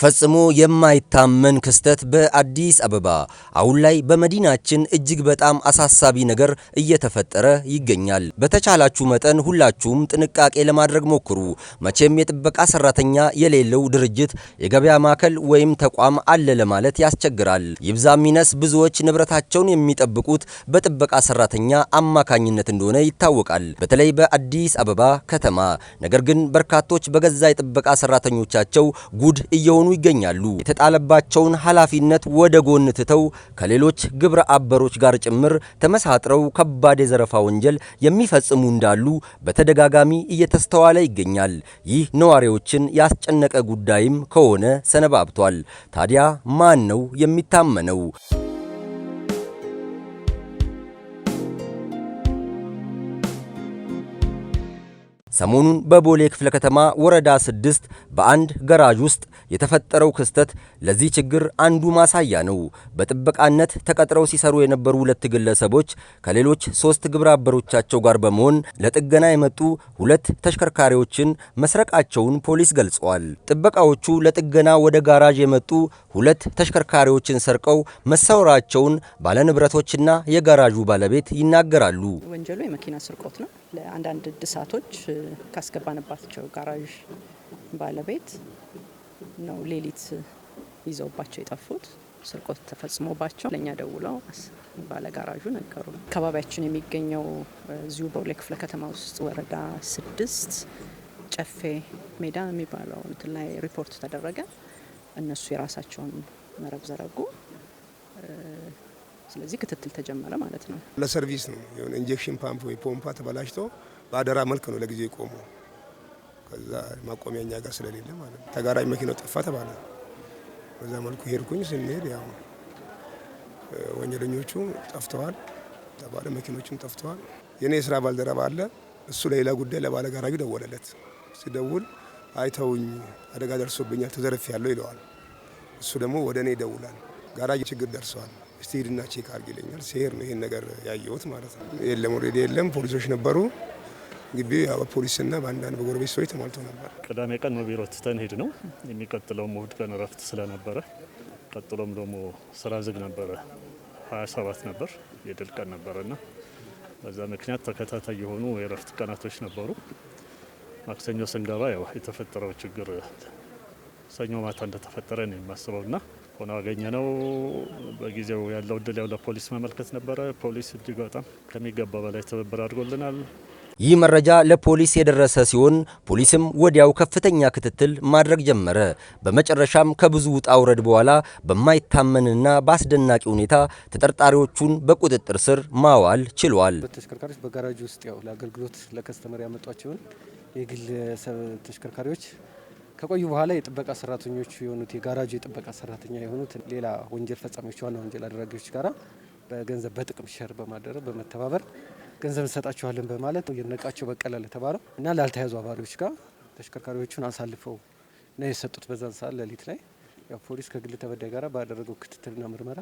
ፈጽሞ የማይታመን ክስተት በአዲስ አበባ። አሁን ላይ በመዲናችን እጅግ በጣም አሳሳቢ ነገር እየተፈጠረ ይገኛል። በተቻላችሁ መጠን ሁላችሁም ጥንቃቄ ለማድረግ ሞክሩ። መቼም የጥበቃ ሰራተኛ የሌለው ድርጅት፣ የገበያ ማዕከል ወይም ተቋም አለ ለማለት ያስቸግራል። ይብዛ ሚነስ ብዙዎች ንብረታቸውን የሚጠብቁት በጥበቃ ሰራተኛ አማካኝነት እንደሆነ ይታወቃል፣ በተለይ በአዲስ አበባ ከተማ። ነገር ግን በርካቶች በገዛ የጥበቃ ሰራተኞቻቸው ጉድ እየሆኑ እየሆኑ ይገኛሉ። የተጣለባቸውን ኃላፊነት ወደ ጎን ትተው ከሌሎች ግብረ አበሮች ጋር ጭምር ተመሳጥረው ከባድ የዘረፋ ወንጀል የሚፈጽሙ እንዳሉ በተደጋጋሚ እየተስተዋለ ይገኛል። ይህ ነዋሪዎችን ያስጨነቀ ጉዳይም ከሆነ ሰነባብቷል። ታዲያ ማን ነው የሚታመነው? ሰሞኑን በቦሌ ክፍለ ከተማ ወረዳ ስድስት በአንድ ገራዥ ውስጥ የተፈጠረው ክስተት ለዚህ ችግር አንዱ ማሳያ ነው። በጥበቃነት ተቀጥረው ሲሰሩ የነበሩ ሁለት ግለሰቦች ከሌሎች ሶስት ግብረ አበሮቻቸው ጋር በመሆን ለጥገና የመጡ ሁለት ተሽከርካሪዎችን መስረቃቸውን ፖሊስ ገልጸዋል። ጥበቃዎቹ ለጥገና ወደ ጋራዥ የመጡ ሁለት ተሽከርካሪዎችን ሰርቀው መሰወራቸውን ባለንብረቶችና የጋራዡ ባለቤት ይናገራሉ። ወንጀሉ የመኪና ስርቆት ነው። ለአንዳንድ እድሳቶች ካስገባንባቸው ጋራዥ ባለቤት ነው ሌሊት ይዘውባቸው የጠፉት። ስርቆት ተፈጽሞባቸው ለእኛ ደውለው ባለ ጋራዡ ነገሩ። አካባቢያችን የሚገኘው እዚሁ በቦሌ ክፍለ ከተማ ውስጥ ወረዳ ስድስት ጨፌ ሜዳ የሚባለው እንትን ላይ ሪፖርት ተደረገ። እነሱ የራሳቸውን መረብ ዘረጉ። ስለዚህ ክትትል ተጀመረ ማለት ነው። ለሰርቪስ ነው የሆነ ኢንጀክሽን ፓምፕ ወይ ፖምፓ ተበላሽቶ በአደራ መልክ ነው ለጊዜ የቆመው። ከዛ ማቆሚያ እኛ ጋር ስለሌለ ማለት ነው ተጋራጅ መኪናው ጠፋ ተባለ። በዛ መልኩ ሄድኩኝ። ስንሄድ ያው ወንጀለኞቹ ጠፍተዋል ተባለ፣ መኪኖችም ጠፍተዋል። የእኔ የስራ ባልደረባ አለ። እሱ ለሌላ ጉዳይ ለባለ ጋራጁ ደወለለት። ሲደውል አይተውኝ አደጋ ደርሶብኛል ተዘርፍ ያለው ይለዋል። እሱ ደግሞ ወደ እኔ ይደውላል። ጋራጅ ችግር ደርሰዋል ስቴድና ቼክ አድርግ ይለኛል። ሲሄድ ነው ይሄን ነገር ያየሁት ማለት ነው። የለም ኦልሬዲ የለም። ፖሊሶች ነበሩ ግቢ ያው በፖሊስና በአንዳንድ በጎረቤት ሰዎች ተሟልቶ ነበር። ቅዳሜ ቀን ቢሮ ትተን ሄድ ነው። የሚቀጥለውም እሁድ ቀን እረፍት ስለነበረ ቀጥሎም ደግሞ ስራ ዝግ ነበረ። 27 ነበር የድል ቀን ነበረና በዛ ምክንያት ተከታታይ የሆኑ የእረፍት ቀናቶች ነበሩ። ማክሰኞ ስንገባ ያው የተፈጠረው ችግር ሰኞ ማታ እንደተፈጠረ ነው ና ሆኖ አገኘ ነው። በጊዜው ያለው እድል ያው ለፖሊስ መመልከት ነበረ። ፖሊስ እጅግ በጣም ከሚገባ በላይ ትብብር አድርጎልናል። ይህ መረጃ ለፖሊስ የደረሰ ሲሆን ፖሊስም ወዲያው ከፍተኛ ክትትል ማድረግ ጀመረ። በመጨረሻም ከብዙ ውጣ ውረድ በኋላ በማይታመንና በአስደናቂ ሁኔታ ተጠርጣሪዎቹን በቁጥጥር ስር ማዋል ችሏል። ተሽከርካሪዎች በጋራጅ ውስጥ ያው ለአገልግሎት ለከስተመር ያመጧቸውን የግል ተሽከርካሪዎች ከቆዩ በኋላ የጥበቃ ሰራተኞቹ የሆኑት የጋራጁ የጥበቃ ሰራተኛ የሆኑት ሌላ ወንጀል ፈጻሚዎች ዋና ወንጀል አድራጊዎች ጋራ በገንዘብ በጥቅም ሸር በማደረግ በመተባበር ገንዘብ እንሰጣቸዋለን በማለት የነቃቸው በቀለ ለተባለው እና ላልተያዙ አባሪዎች ጋር ተሽከርካሪዎቹን አሳልፈው ነው የሰጡት። በዛን ሰዓት ሌሊት ላይ ፖሊስ ከግል ተበዳይ ጋር ባደረገው ክትትልና ምርመራ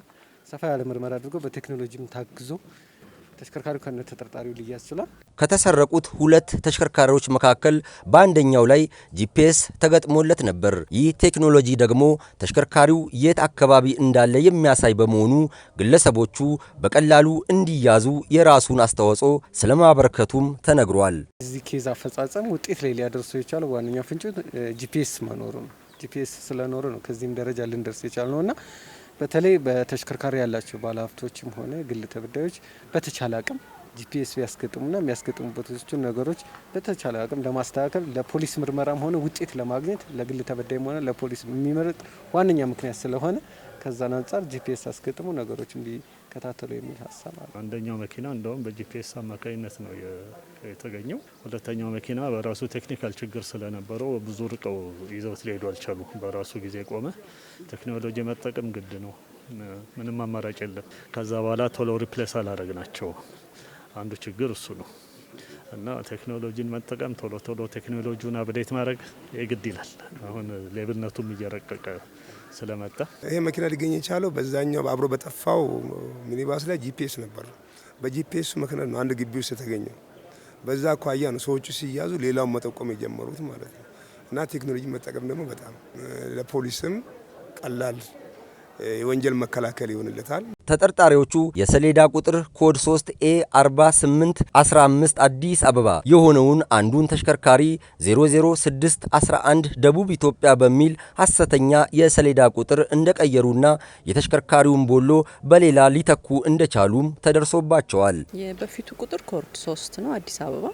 ሰፋ ያለ ምርመራ አድርጎ በቴክኖሎጂም ታግዞ ተሽከርካሪው ከነ ተጠርጣሪው ሊያዝ ችሏል። ከተሰረቁት ሁለት ተሽከርካሪዎች መካከል በአንደኛው ላይ ጂፒኤስ ተገጥሞለት ነበር። ይህ ቴክኖሎጂ ደግሞ ተሽከርካሪው የት አካባቢ እንዳለ የሚያሳይ በመሆኑ ግለሰቦቹ በቀላሉ እንዲያዙ የራሱን አስተዋጽኦ ስለማበረከቱም ተነግሯል። እዚህ ኬዝ አፈጻጸም ውጤት ላይ ሊያደርሰው የቻለው ዋነኛው ፍንጭ ጂፒኤስ መኖሩ ነው። ጂፒኤስ ስለኖረ ነው ከዚህም ደረጃ ልንደርስ የቻልነውና በተለይ በተሽከርካሪ ያላቸው ባለሀብቶችም ሆነ ግል ተበዳዮች በተቻለ አቅም ጂፒኤስ ቢያስገጥሙና የሚያስገጥሙበት ነገሮች በተቻለ አቅም ለማስተካከል ለፖሊስ ምርመራም ሆነ ውጤት ለማግኘት ለግል ተበዳይም ሆነ ለፖሊስ የሚመረጥ ዋነኛ ምክንያት ስለሆነ ከዛን አንጻር ጂፒኤስ አስገጥሞ ነገሮች እንዲከታተሉ የሚል ሀሳብ አለ። አንደኛው መኪና እንደውም በጂፒኤስ አማካኝነት ነው የተገኘው። ሁለተኛው መኪና በራሱ ቴክኒካል ችግር ስለነበረው ብዙ ርቀው ይዘውት ሊሄዱ አልቻሉ። በራሱ ጊዜ ቆመ። ቴክኖሎጂ መጠቀም ግድ ነው። ምንም አማራጭ የለም። ከዛ በኋላ ቶሎ ሪፕሌስ አላደረግ ናቸው። አንዱ ችግር እሱ ነው እና ቴክኖሎጂን መጠቀም ቶሎ ቶሎ ቴክኖሎጂውን አብዴት ማድረግ የግድ ይላል። አሁን ሌብነቱም እየረቀቀ ስለመጣ ይሄ መኪና ሊገኝ የቻለው በዛኛው አብሮ በጠፋው ሚኒባስ ላይ ጂፒኤስ ነበር። በጂፒኤሱ መኪና ነው አንድ ግቢ ውስጥ የተገኘው። በዛ አኳያ ነው ሰዎቹ ሲያዙ ሌላውን መጠቆም የጀመሩት ማለት ነው። እና ቴክኖሎጂ መጠቀም ደግሞ በጣም ለፖሊስም ቀላል የወንጀል መከላከል ይሆንለታል። ተጠርጣሪዎቹ የሰሌዳ ቁጥር ኮድ 3 ኤ 48 15 አዲስ አበባ የሆነውን አንዱን ተሽከርካሪ 00611 ደቡብ ኢትዮጵያ በሚል ሐሰተኛ የሰሌዳ ቁጥር እንደቀየሩና የተሽከርካሪውን ቦሎ በሌላ ሊተኩ እንደቻሉም ተደርሶባቸዋል። የበፊቱ ቁጥር ኮድ 3 ነው፣ አዲስ አበባ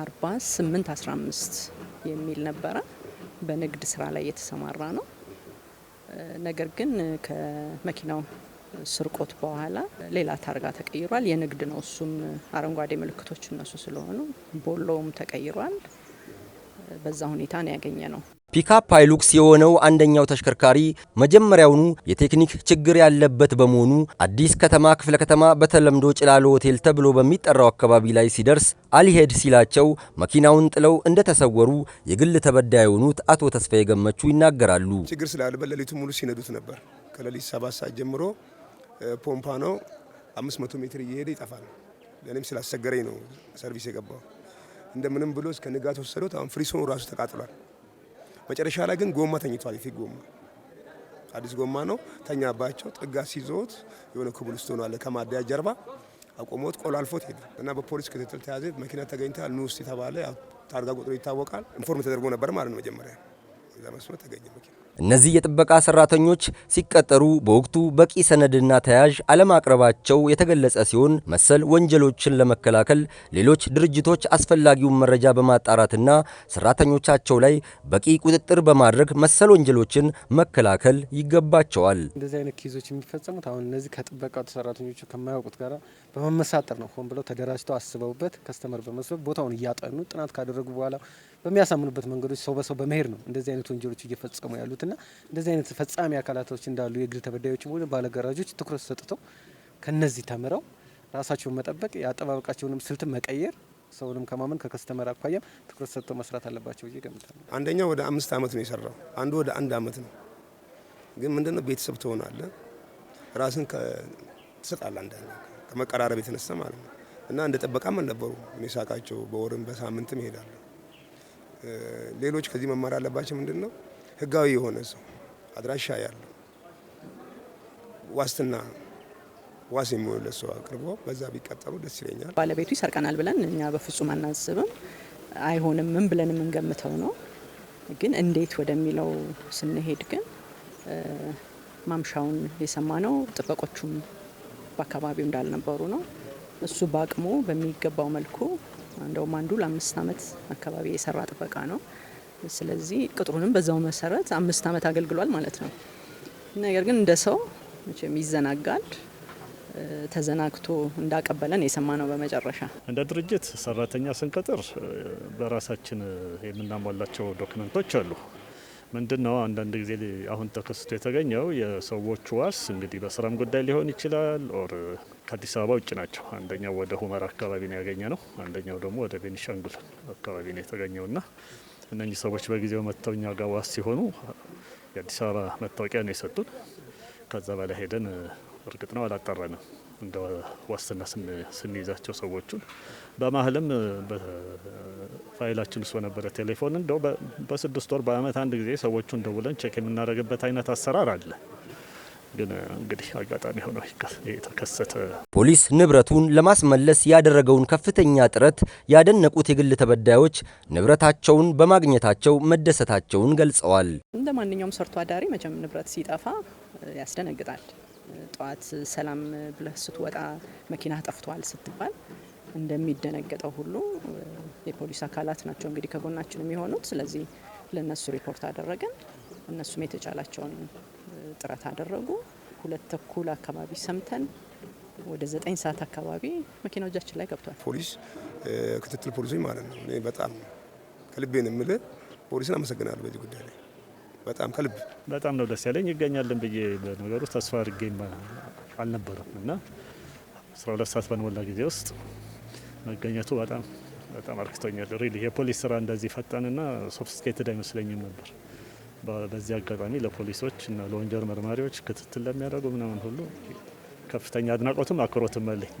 4815 የሚል ነበረ። በንግድ ስራ ላይ የተሰማራ ነው። ነገር ግን ከመኪናው ስርቆት በኋላ ሌላ ታርጋ ተቀይሯል። የንግድ ነው እሱም አረንጓዴ ምልክቶች እነሱ ስለሆኑ ቦሎውም ተቀይሯል። በዛ ሁኔታ ነው ያገኘ ነው። ፒካፕ ሃይሉክስ የሆነው አንደኛው ተሽከርካሪ መጀመሪያውኑ የቴክኒክ ችግር ያለበት በመሆኑ አዲስ ከተማ ክፍለ ከተማ በተለምዶ ጭላሎ ሆቴል ተብሎ በሚጠራው አካባቢ ላይ ሲደርስ አልሄድ ሲላቸው መኪናውን ጥለው እንደተሰወሩ የግል ተበዳይ የሆኑት አቶ ተስፋዬ ገመቹ ይናገራሉ። ችግር ስላለበት ሌሊቱ ሙሉ ሲነዱት ነበር። ከሌሊት ሰባት ሰዓት ጀምሮ ፖምፓ ነው። አምስት መቶ ሜትር እየሄደ ይጠፋል። ለእኔም ስላስቸገረኝ ነው ሰርቪስ የገባው። እንደምንም ብሎ እስከ ንጋት ወሰዶት። አሁን ፍሪሶን ራሱ ተቃጥሏል። መጨረሻ ላይ ግን ጎማ ተኝቷል። የፊት ጎማ አዲስ ጎማ ነው። ተኛባቸው። ጥጋ ሲዞት የሆነ ክቡል ውስጥ ሆኗል። ከማደያ ጀርባ አቆሞት ቆሎ አልፎት ሄደ እና በፖሊስ ክትትል ተያዘ። መኪና ተገኝታል ኑ ውስጥ የተባለ ታርጋ ቁጥሩ ይታወቃል። ኢንፎርም ተደርጎ ነበር ማለት ነው መጀመሪያ እዛ መስመር ተገኘ መኪና እነዚህ የጥበቃ ሰራተኞች ሲቀጠሩ በወቅቱ በቂ ሰነድና ተያዥ አለማቅረባቸው የተገለጸ ሲሆን መሰል ወንጀሎችን ለመከላከል ሌሎች ድርጅቶች አስፈላጊውን መረጃ በማጣራትና ሰራተኞቻቸው ላይ በቂ ቁጥጥር በማድረግ መሰል ወንጀሎችን መከላከል ይገባቸዋል። እንደዚህ አይነት ኬዞች የሚፈጸሙት አሁን እነዚህ ከጥበቃ ሰራተኞቹ ከማያውቁት ጋር በመመሳጠር ነው። ሆን ብለው ተደራጅተው አስበውበት ከስተመር በመስበብ ቦታውን እያጠኑ ጥናት ካደረጉ በኋላ በሚያሳምኑበት መንገዶች ሰው በሰው በመሄድ ነው እንደዚህ አይነት ወንጀሎች እየፈጸሙ ያሉት። አካላትና እንደዚህ አይነት ፈጻሚ አካላቶች እንዳሉ የግል ተበዳዮችም ሆነ ባለጋራጆች ትኩረት ሰጥተው ከነዚህ ተምረው ራሳቸውን መጠበቅ የአጠባበቃቸውንም ስልትን መቀየር ሰውንም ከማመን ከከስተመር አኳያም ትኩረት ሰጥተው መስራት አለባቸው ብዬ ገምታለሁ። አንደኛው ወደ አምስት ዓመት ነው የሰራው፣ አንዱ ወደ አንድ ዓመት ነው። ግን ምንድነው ቤተሰብ ትሆናለ፣ ራስን ትሰጣለ፣ አንደኛ ከመቀራረብ የተነሳ ማለት ነው። እና እንደ ጠበቃም አልነበሩ እኔ ሳቃቸው በወርም በሳምንትም ይሄዳሉ። ሌሎች ከዚህ መማር አለባቸው ምንድን ነው ህጋዊ የሆነ ሰው አድራሻ ያለው ዋስትና ዋስ የሚሆንለት ሰው አቅርቦ በዛ ቢቀጠሩ ደስ ይለኛል። ባለቤቱ ይሰርቀናል ብለን እኛ በፍጹም አናስብም፣ አይሆንምም ብለን የምንገምተው ነው። ግን እንዴት ወደሚለው ስንሄድ ግን ማምሻውን የሰማ ነው። ጥበቆቹም በአካባቢው እንዳልነበሩ ነው። እሱ በአቅሙ በሚገባው መልኩ እንደውም አንዱ ለአምስት አመት አካባቢ የሰራ ጥበቃ ነው። ስለዚህ ቅጥሩንም በዛው መሰረት አምስት አመት አገልግሏል ማለት ነው። ነገር ግን እንደ ሰው መቼም ይዘናጋል። ተዘናግቶ እንዳቀበለን የሰማ ነው። በመጨረሻ እንደ ድርጅት ሰራተኛ ስንቀጥር በራሳችን የምናሟላቸው ዶክመንቶች አሉ። ምንድን ነው አንዳንድ ጊዜ አሁን ተከስቶ የተገኘው የሰዎቹ ዋስ እንግዲህ በስራም ጉዳይ ሊሆን ይችላል። ኦር ከአዲስ አበባ ውጭ ናቸው። አንደኛው ወደ ሁመራ አካባቢ ነው ያገኘ ነው። አንደኛው ደግሞ ወደ ቤኒሻንጉል አካባቢ ነው የተገኘውና እነኚህ ሰዎች በጊዜው መጥተው እኛ ጋር ዋስ ሲሆኑ የአዲስ አበባ መታወቂያ ነው የሰጡን። ከዛ በላይ ሄደን እርግጥ ነው አላጠራንም እንደ ዋስትና ስንይዛቸው ሰዎቹን በማህልም ፋይላችን ውስጥ በነበረ ቴሌፎን እንደው በስድስት ወር በአመት አንድ ጊዜ ሰዎቹን ደውለን ቼክ የምናደርግበት አይነት አሰራር አለ። ግን እንግዲህ አጋጣሚ ሆኖ የተከሰተ። ፖሊስ ንብረቱን ለማስመለስ ያደረገውን ከፍተኛ ጥረት ያደነቁት የግል ተበዳዮች ንብረታቸውን በማግኘታቸው መደሰታቸውን ገልጸዋል። እንደ ማንኛውም ሰርቶ አዳሪ መቼም ንብረት ሲጠፋ ያስደነግጣል። ጠዋት ሰላም ብለህ ስትወጣ መኪና ጠፍቷል ስትባል እንደሚደነገጠው ሁሉ የፖሊስ አካላት ናቸው እንግዲህ ከጎናችን የሚሆኑት። ስለዚህ ለእነሱ ሪፖርት አደረገን እነሱም የተቻላቸውን ጥረት አደረጉ። ሁለት ተኩል አካባቢ ሰምተን ወደ ዘጠኝ ሰዓት አካባቢ መኪናው እጃችን ላይ ገብቷል። ፖሊስ ክትትል ፖሊሶች ማለት ነው። እኔ በጣም ከልቤ ነው ፖሊስን አመሰግናለሁ በዚህ ጉዳይ ላይ በጣም ከልብ በጣም ነው ደስ ያለኝ። ይገኛለን ብዬ በነገር ውስጥ ተስፋ አድርጌ አልነበረም እና 12 ሰዓት ባልሞላ ጊዜ ውስጥ መገኘቱ በጣም በጣም አርክቶኛል። ሪሊ የፖሊስ ስራ እንደዚህ ፈጣንና ሶፍስኬትድ አይመስለኝም ነበር። በዚህ አጋጣሚ ለፖሊሶች እና ለወንጀል መርማሪዎች ክትትል ለሚያደርጉ ምናምን ሁሉ ከፍተኛ አድናቆትም አክብሮትም አለኝ።